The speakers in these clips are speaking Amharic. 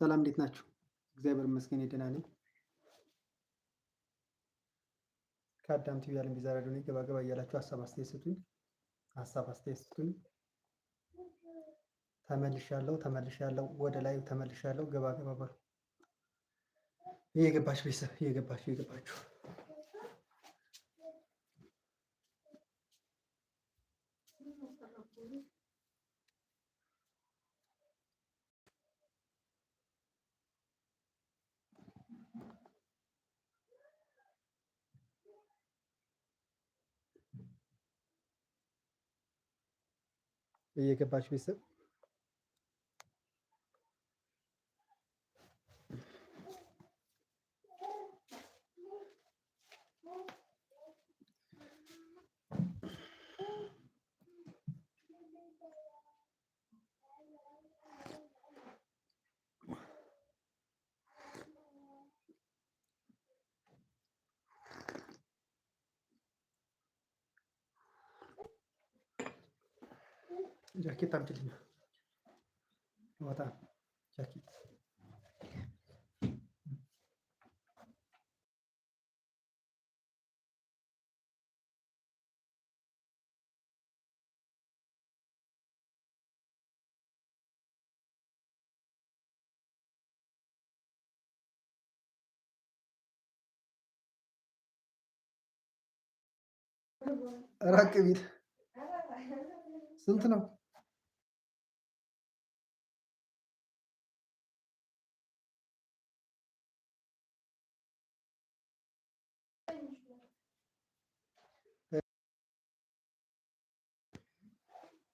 ሰላም እንዴት ናችሁ? እግዚአብሔር ይመስገን ደህና ነኝ። ከአዳም ቲቪ ዓለም ቤዛ ራዲዮ ገባ ገባ እያላችሁ ሀሳብ አስተያየት ስጡኝ። ሀሳብ አስተያየት ስጡኝ። ተመልሻለሁ፣ ተመልሻለሁ፣ ወደ ላይ ተመልሻለሁ። ገባ ገባ በሉ። እየገባችሁ ቤተሰብ እየገባችሁ እየገባችሁ እየገባችሁ ቤተሰብ ጃኬት አምጪልኝ። ወጣ ጃኬት ራቅ ቢል ስንት ነው?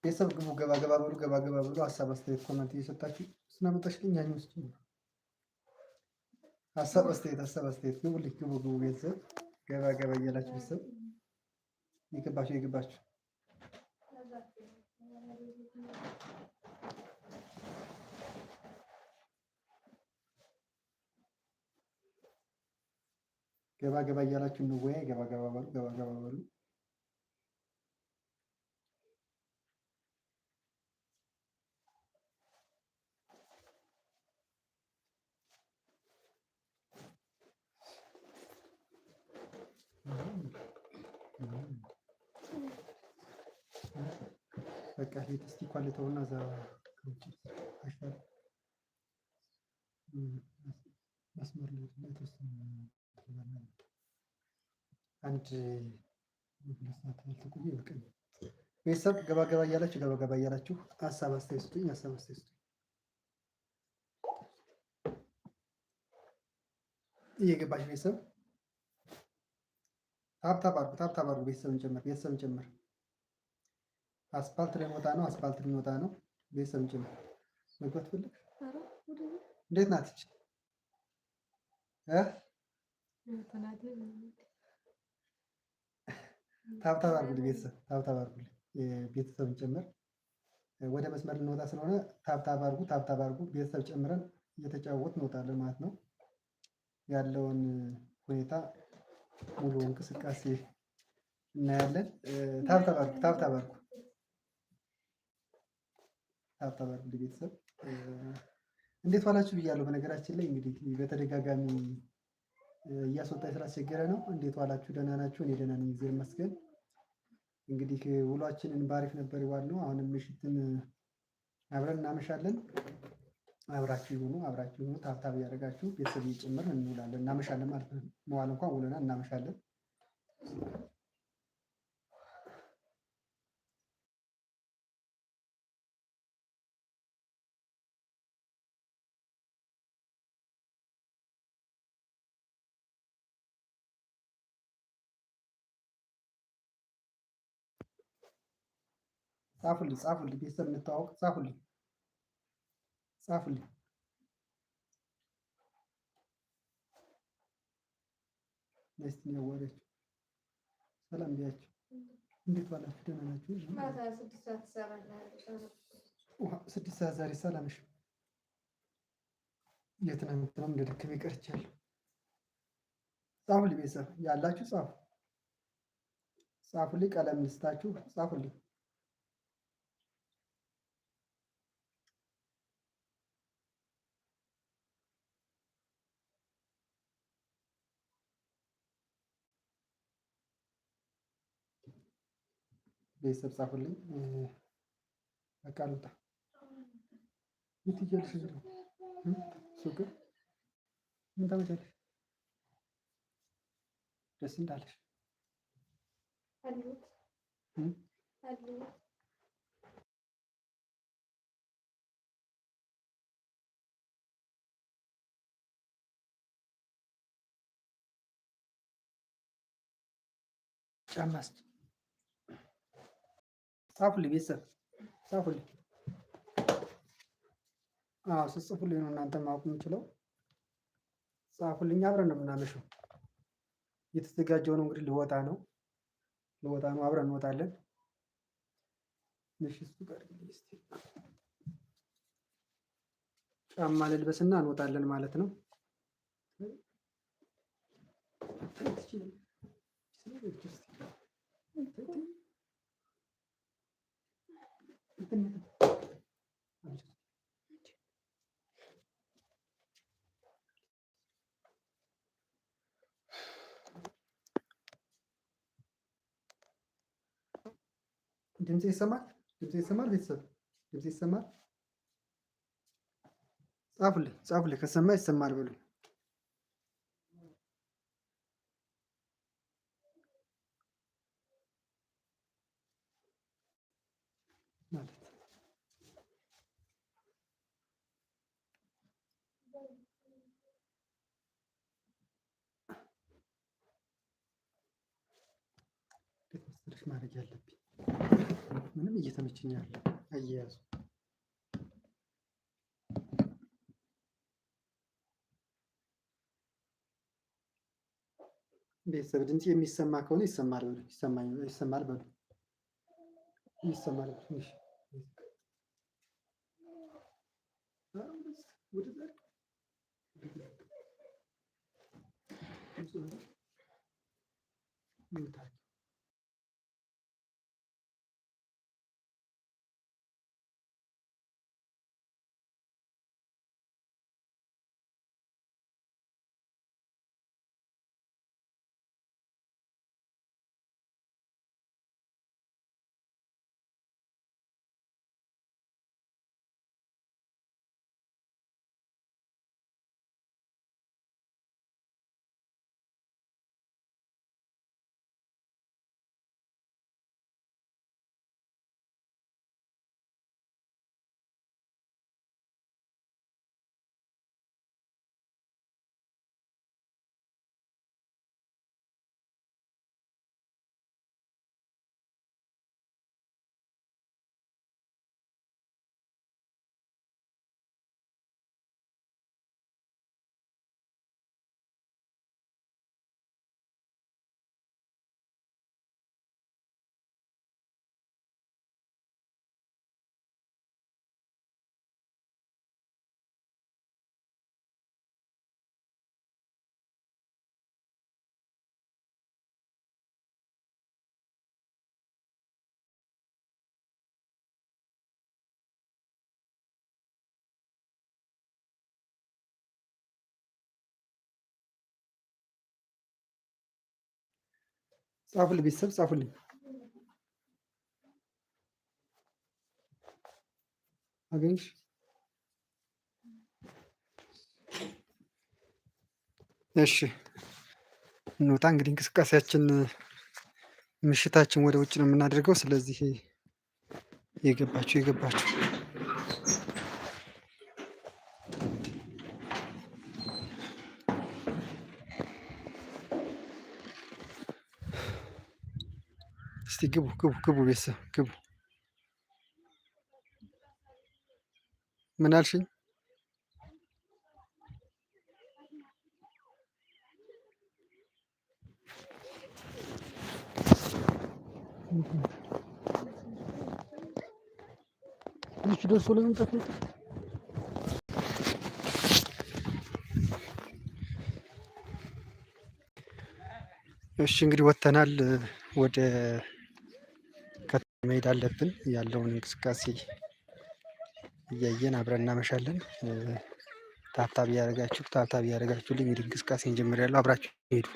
ቤተሰብ ግቡ፣ ገባ ገባ ብሎ ገባ ገባ ብሎ ሀሳብ አስተያየት፣ ኮመንት እየሰጣችሁ ስናመጣሽልኝ ያኝ ውስጥ ሀሳብ አስተያየት ሀሳብ አስተያየት ግቡ፣ ልክ ግቡ ግቡ፣ ቤተሰብ ገባ ገባ እያላችሁ ቤተሰብ የገባችሁ የገባችሁ ገባ ገባ እያላችሁ እንወያይ። ገባ ገባ በሉ ገባ ገባ በሉ በቃ ሂድ እስቲ እንኳን ልተውና እዛ መስመር አንድ ቤተሰብ ገባ ገባ እያላችሁ ገባ ገባ እያላችሁ ሀሳብ አስተያየት ስጡኝ። ሀሳብ አስተያየት ስጡኝ። እየገባች ቤተሰብ ታብታብ አድርጉ፣ ታብታብ አድርጉ። ቤተሰብን ጨምር፣ ቤተሰብን ጨምር ቤተሰብን ጭምር አስፋልት ላይ ነው። አስፋልት ላይ መውጣ ነው። ሰምጭ ነው። መግባት ፈልግ። እንዴት ናት እቺ? ታብታብ አድርጉልኝ ቤተሰብ፣ ታብታብ አድርጉልኝ ቤተሰብን ጭምር። ወደ መስመር ልንወጣ ስለሆነ ታብታብ አርጉ ታብታብ አርጉ ቤተሰብ ጨምረን እየተጫወት እንወጣለን ማለት ነው። ያለውን ሁኔታ ሙሉ እንቅስቃሴ እናያለን። ታብታብ አድርጉ፣ ታብታብ ሀብታባል እንደ ቤተሰብ እንዴት ዋላችሁ ብያለሁ። በነገራችን ላይ እንግዲህ በተደጋጋሚ እያስወጣኝ ስላስቸገረ ነው። እንዴት ዋላችሁ? ደህና ናችሁ? እኔ ደህና ነኝ፣ እግዚአብሔር ይመስገን። እንግዲህ ውሏችንን ባሪፍ ነበር ይዋል ነው አሁንም ምሽትን አብረን እናመሻለን። አብራችሁ ይሁኑ፣ አብራችሁ ይሁኑ። ታብታብ እያደረጋችሁ ቤተሰብ ጭምር እንውላለን፣ እናመሻለን ማለት ነው። መዋል እንኳን ውለናል፣ እናመሻለን። ጻፉልኝ ጻፉልኝ ቤተሰብ እንተዋወቅ። ጻፉልኝ ጻፉልኝ ነስቲ ነው ወለች ሰላም ቢያችሁ እንዴት ባላችሁ? ደህና ናችሁ? ስድስት ሰዓት ዛሬ ሰላም እሺ። የትናንትናም እንደ ደከመኝ ቀርቻለሁ። ጻፉልኝ ቤተሰብ ያላችሁ ጻፉ ጻፉልኝ ቀለም ልስታችሁ ጻፉልኝ ቤተሰብ ጻፉልኝ። በቃ ልውጣ። የት እያልሽ ነው? ሱቅ ምን ታመጫለሽ? ደስ እንዳለሽ ጫማ ጻፉልኝ ቤተሰብ ጻፉልኝ። አዎ ስጽፉልኝ ነው እናንተ ማወቅ የምችለው። ጻፉልኝ፣ አብረን ነው የምናመሸው። እየተዘጋጀው ነው እንግዲህ ልወጣ ነው ልወጣ ነው። አብረን እንወጣለን። ጫማ ልልበስና እንወጣለን ማለት ነው። ድምፅ ይሰማል? ድምፅ ይሰማል? ቤተሰብ ድምፅ ይሰማል? ጻፉልኝ ጻፉልኝ፣ ከሰማ ይሰማል ብሉ። ይመችኛል አያያዙ። ቤተሰብ ድምፅ የሚሰማ ከሆነ ይሰማል ይሰማል በሉ ይሰማል። ትንሽ ወደ ጻፉልኝ ቤተሰብ ጻፉልኝ። አገኝሽ እሺ እንውጣ እንግዲህ እንቅስቃሴያችን ምሽታችን ወደ ውጭ ነው የምናደርገው። ስለዚህ የገባችሁ የገባችሁ እስቲ ግቡ ግቡ ግቡ ቤተሰብ ግቡ። ምን አልሽኝ? ልጅ ደርሶ ለመምጣት ነው። እሺ እንግዲህ ወደ መሄድ አለብን። ያለውን እንቅስቃሴ እያየን አብረን እናመሻለን። ታብታብ እያደረጋችሁ ታብታብ እያደረጋችሁልኝ እንግዲህ እንቅስቃሴ እንጀምራለሁ። አብራችሁ ሄዱ።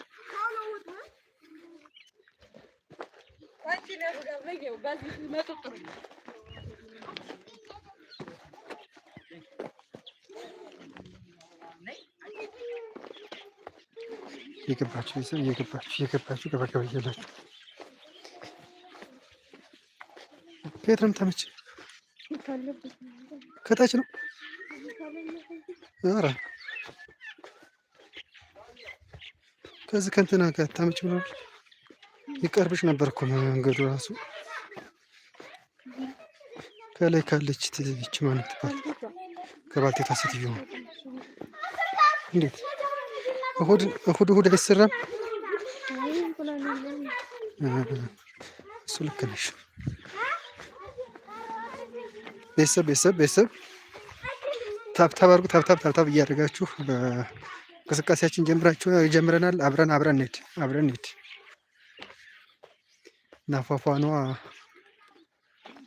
የገባችሁ ቤተሰብ የገባችሁ የገባችሁ ገባገባ እያላችሁ ከየት ነው የምታመች? ከታች ነው። ኧረ ከዚህ ከእንትና ጋር ታመች ብሎ ይቀርብሽ ነበር እኮ መንገዱ ራሱ ከላይ ካለች ትች ማለት ባል ከባልቴቷ ሴትዮ ነው። እንዴት እሁድ እሁድ አይሰራም? እሱ ልክ ነሽ። ቤተሰብ ቤተሰብ ቤተሰብ ታብታብ አድርጉ። ታብታብ ታብታብ እያደረጋችሁ እንቅስቃሴያችን ጀምራችሁ ጀምረናል። አብረን አብረን እንሂድ አብረን እንሂድ እና ፏፏኗ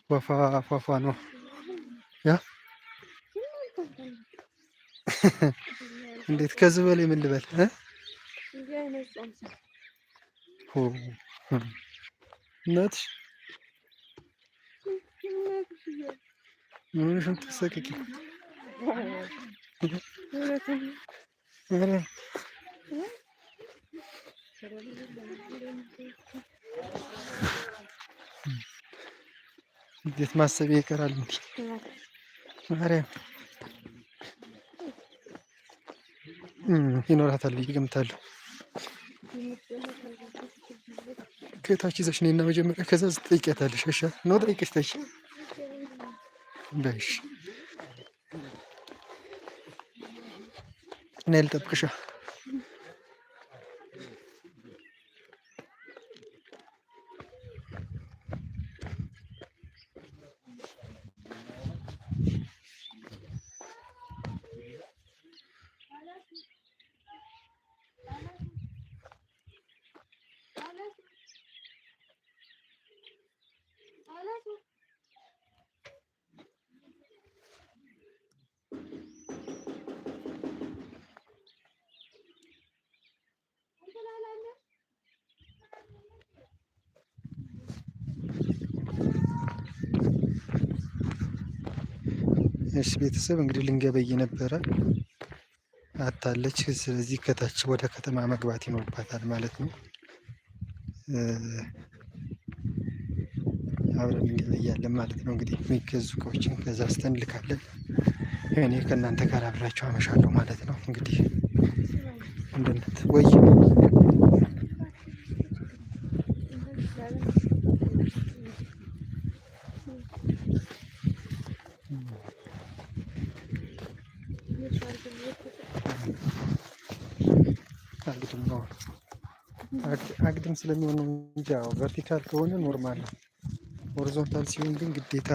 ፏፏ ፏፏኗ ያ እንዴት ከዚህ በላይ ምን ልበል? እናትሽ ምንም ተሰቅቂ እንዴት ማሰብ ይቀራል እንዴ? ማርያም ይኖራታል ብዬ ከታች ይዘሽ ነይና መጀመሪያ ከዛ ትጠይቂያታለሽ። እሺ ነው ጠይቀሽ বেশ নেল তপকেশা እሺ ቤተሰብ እንግዲህ ልንገበይ ነበረ አታለች። ስለዚህ ከታች ወደ ከተማ መግባት ይኖርባታል ማለት ነው። አብረን እንገበያለን ማለት ነው። እንግዲህ የሚገዙ እቃዎችን ከዛ ስተን ልካለን። እኔ ከእናንተ ጋር አብራቸው አመሻለሁ ማለት ነው። እንግዲህ እንደነት ወይ ስለሚሆን ነው እንጂ ቨርቲካል ከሆነ ኖርማል ነው። ሆሪዞንታል ሲሆን ግን ግዴታ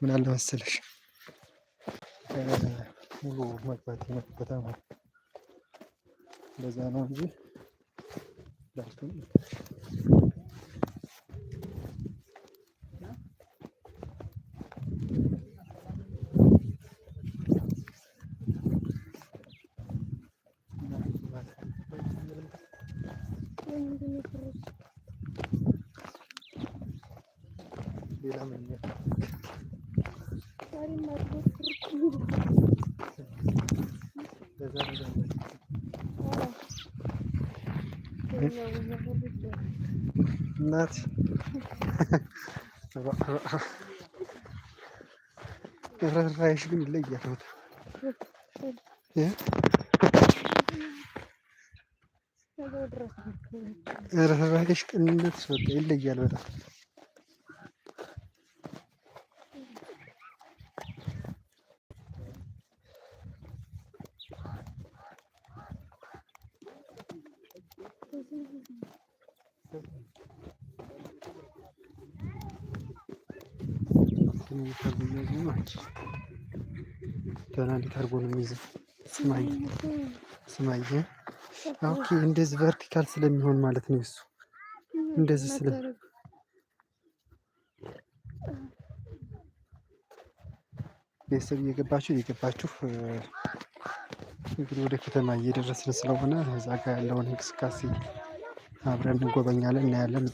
ምን አለ መሰለሽ ሙሉ መግባት ይኖርበታል። በዛ ነው እንጂ እናት ራሽ ግን ይለያል። ራሽ ቅንነት ይለያል በጣም አድርጎ ነው ስማይ ስማይ ስማኝ፣ ኦኬ፣ እንደዚህ ቨርቲካል ስለሚሆን ማለት ነው እሱ እንደዚህ ስለ ቤተሰብ እየገባችሁ እየገባችሁ እንግዲህ ወደ ከተማ እየደረስን ስለሆነ እዛ ጋር ያለውን እንቅስቃሴ አብረን እንጎበኛለን እናያለን።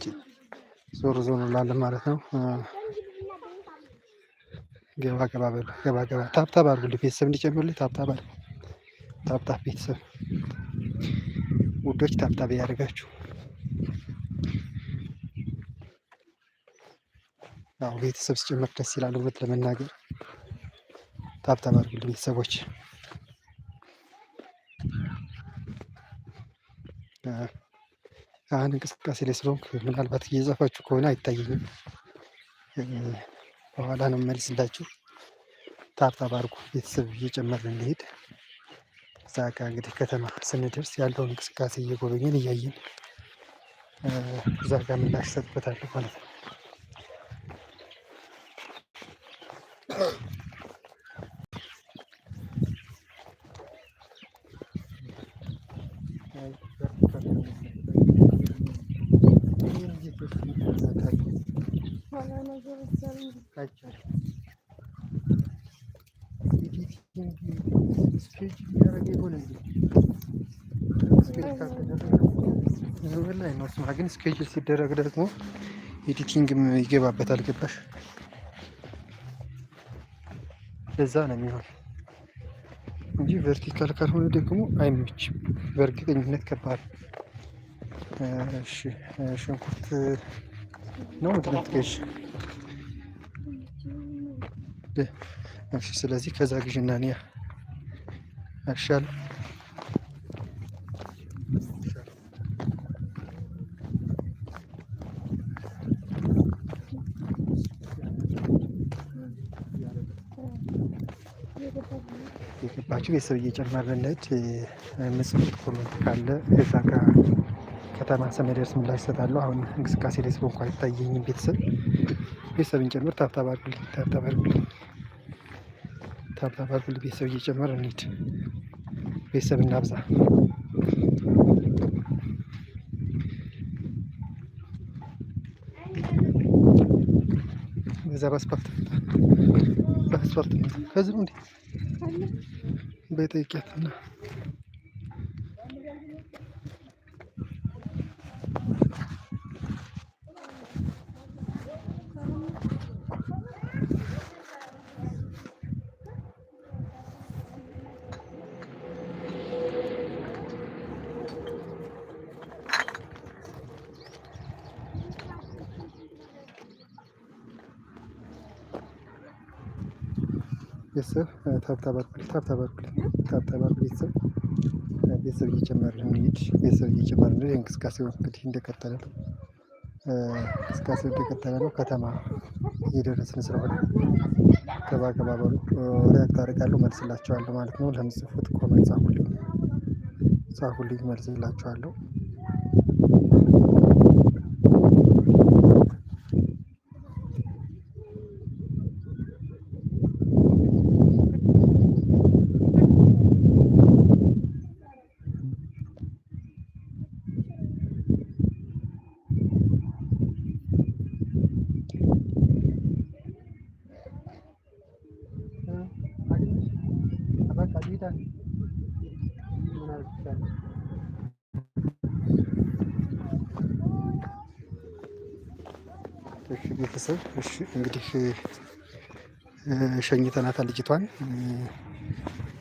ዞር ዞር እንላለን ማለት ነው። ገባ ገባ በሉ ገባ ገባ ታብታብ አድርጉልኝ ቤተሰብ እንዲጨምርልኝ ታብታብ አድርጉ። ታብታብ ቤተሰብ ውዶች ታብታብ ያደርጋችሁ። አዎ ቤተሰብ ሲጨምር ደስ ይላል። እውነት ለመናገር ታብታብ አድርጉልኝ ቤተሰቦች። አሁን እንቅስቃሴ ላይ ስለሆንኩ ምናልባት እየጻፋችሁ ከሆነ አይታየኝም። በኋላ ነው መልስላችሁ። ታብታብ አድርጉ ቤተሰብ እየጨመርን እንሄድ። እዛ ጋ እንግዲህ ከተማ ስንደርስ ያለውን እንቅስቃሴ እየጎበኘን እያየን እዛ ጋ ምላሽ ሰጥበታለሁ ማለት ነው። ካሜራ ግን እስኬጅል ሲደረግ ደግሞ ኤዲቲንግም ይገባበታል። ገባሽ? ለዛ ነው የሚሆን እንጂ ቨርቲካል ካልሆነ ደግሞ አይመችም። በእርግጠኝነት ከባድ። ሽንኩርት ነው ምትነት ገዥ። ስለዚህ ከዛ ግዥና ኒያ ካላችሁ ቤተሰብ እየጨመረ ነች ምጽት ኮሜንት ካለ እዛ ጋ ከተማ ስንደርስ ምላሽ እሰጣለሁ። አሁን እንቅስቃሴ ላይ ስለሆንኩ አይታየኝም። ቤተሰብ ቤተሰብ እንጨምር። ታብታብ አድርጉልኝ፣ ታብታብ አድርጉልኝ፣ ታብታብ አድርጉልኝ። ቤተሰብ እየጨመር እንሂድ። ቤተሰብ እናብዛ። እዛ በአስፓልት በአስፓልት ከዚህ ነው እንዴ Bedeketini. ቤተሰብ ታብታባርኩል ቤተሰብ ቤተሰብ እየጨመረ ነው እንግዲህ ቤተሰብ እየጨመረ ነው። እንቅስቃሴው እንግዲህ እንደቀጠለ ነው። እንቅስቃሴው እንደቀጠለ ነው። ከተማ እየደረስን ስለሆነ ገባ ገባ በሉ። ሪያክት አደርጋለሁ መልስላቸዋለሁ ማለት ነው። ለምጽፉት ኮመንት ጻፉልኝ ጻፉልኝ መልስላቸዋለሁ። ቤተሰብ እንግዲህ ሸኝተናታ ልጅቷን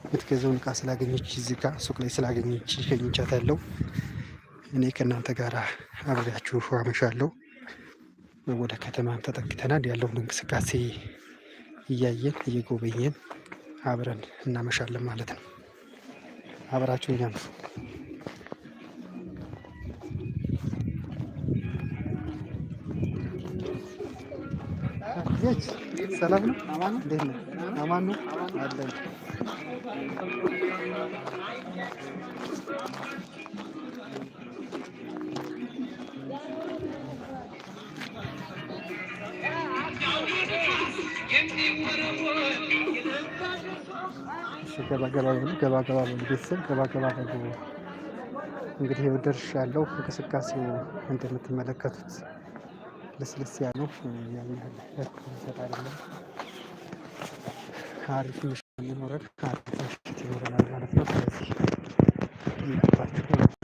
የምትገዛውን እቃ ስላገኘች እዚህ ጋ ሱቅ ላይ ስላገኘች ያለው እኔ ከእናንተ ጋር አብሬያችሁ አመሻለሁ። ወደ ከተማም ተጠግተናል። ያለውን እንቅስቃሴ እያየን እየጎበኘን አብረን እናመሻለን ማለት ነው። አብራችሁ እኛም አያች ሰላም ነው። እንዴት ነው? አማን ነው አለን። ገባ ገባ በሉ፣ ገባ ገባ በሉ ቤተሰብ፣ ገባ ገባ በሉ። እንግዲህ ደርሻለሁ። እንቅስቃሴው እንደምትመለከቱት ልስልስ ያለው ያን አሪፍ ምሽት የሚኖረን አሪፍ ምሽት ይኖረናል ማለት ነው። ስለዚህ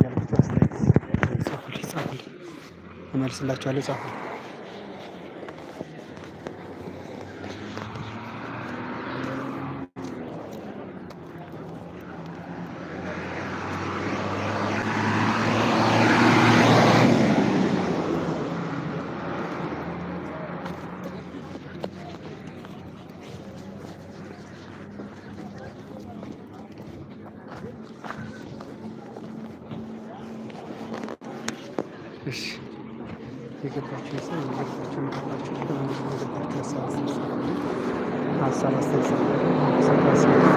ያልኩት አስተያየት ጻፉልኝ ጻፉልኝ እመልስላችኋለሁ። ጻፉልኝ English. Take a purchase and make a purchase. Come on, make a purchase. Hasta las seis. Hasta las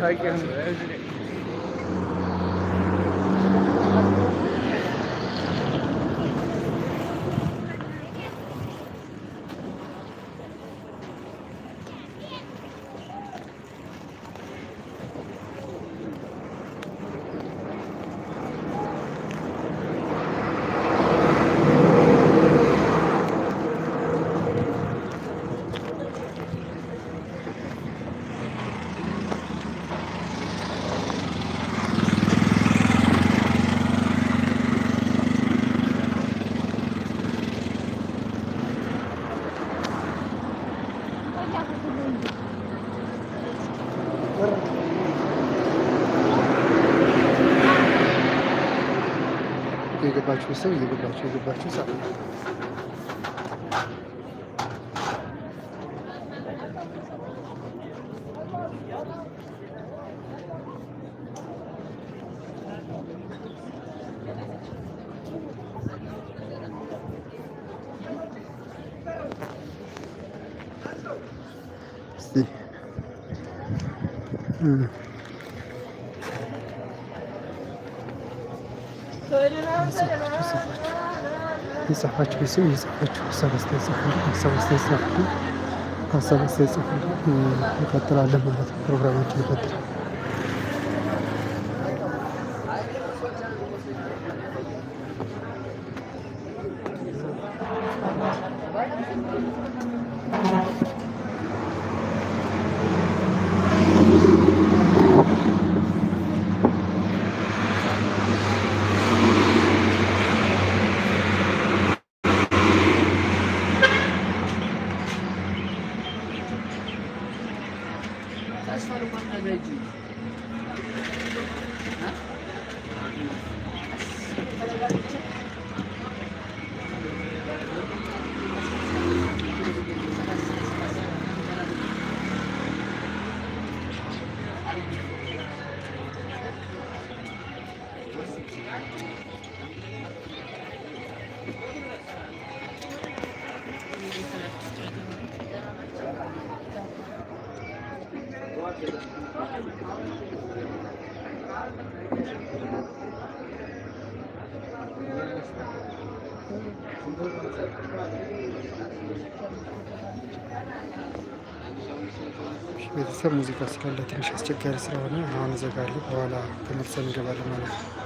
Hay que የገባችሁ ሰው እየገባችሁ እየገባችሁ የጻፋችሁ ቤተሰብ የጻፋችሁ ማለት ነው። ፕሮግራማችን ይቀጥላል። ቤተሰብ ሙዚቃ ስላለ ትንሽ አስቸጋሪ ስለሆነ አሁን እዘጋለሁ። በኋላ ተመልሰን እንገባለን ማለት ነው።